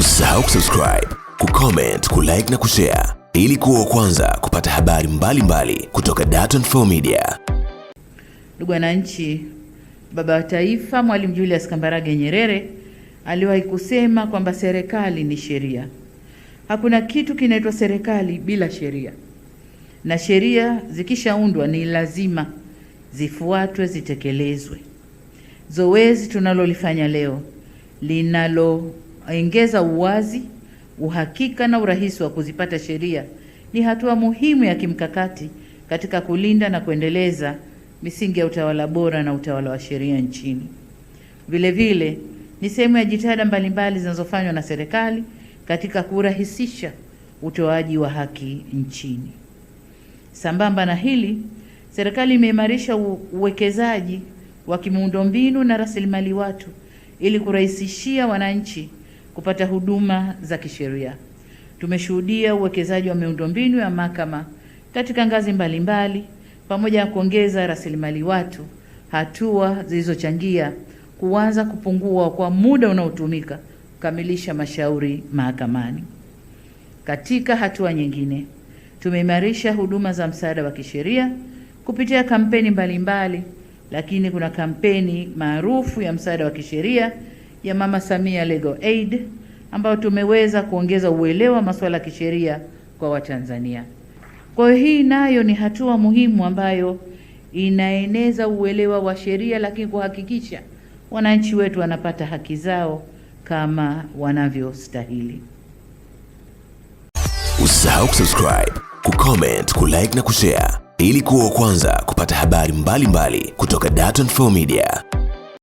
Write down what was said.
Usisahau kusubscribe, kucomment, kulike na kushare ili kuwa kwanza kupata habari mbalimbali mbali kutoka Dar24 Media. Ndugu wananchi, baba wa taifa Mwalimu Julius Kambarage Nyerere aliwahi kusema kwamba serikali ni sheria. Hakuna kitu kinaitwa serikali bila sheria, na sheria zikishaundwa ni lazima zifuatwe, zitekelezwe. Zoezi tunalolifanya leo linalo kuongeza uwazi, uhakika na urahisi wa kuzipata sheria ni hatua muhimu ya kimkakati katika kulinda na kuendeleza misingi ya utawala bora na utawala wa sheria nchini. Vile vile ni sehemu ya jitihada mbalimbali zinazofanywa na serikali katika kurahisisha utoaji wa haki nchini. Sambamba na hili, serikali imeimarisha uwekezaji wa kimiundombinu na rasilimali watu ili kurahisishia wananchi kupata huduma za kisheria. Tumeshuhudia uwekezaji wa miundombinu ya mahakama katika ngazi mbalimbali pamoja na kuongeza rasilimali watu, hatua zilizochangia kuanza kupungua kwa muda unaotumika kukamilisha mashauri mahakamani. Katika hatua nyingine, tumeimarisha huduma za msaada wa kisheria kupitia kampeni mbalimbali mbali, lakini kuna kampeni maarufu ya msaada wa kisheria ya Mama Samia Legal Aid ambayo tumeweza kuongeza uelewa masuala ya kisheria kwa Watanzania. Kwa hiyo hii nayo ni hatua muhimu ambayo inaeneza uelewa wa sheria, lakini kuhakikisha wananchi wetu wanapata haki zao kama wanavyostahili. Usisahau kusubscribe, kucomment, kulike na kushare ili kuwa wa kwanza kupata habari mbalimbali mbali kutoka Dar24 Media.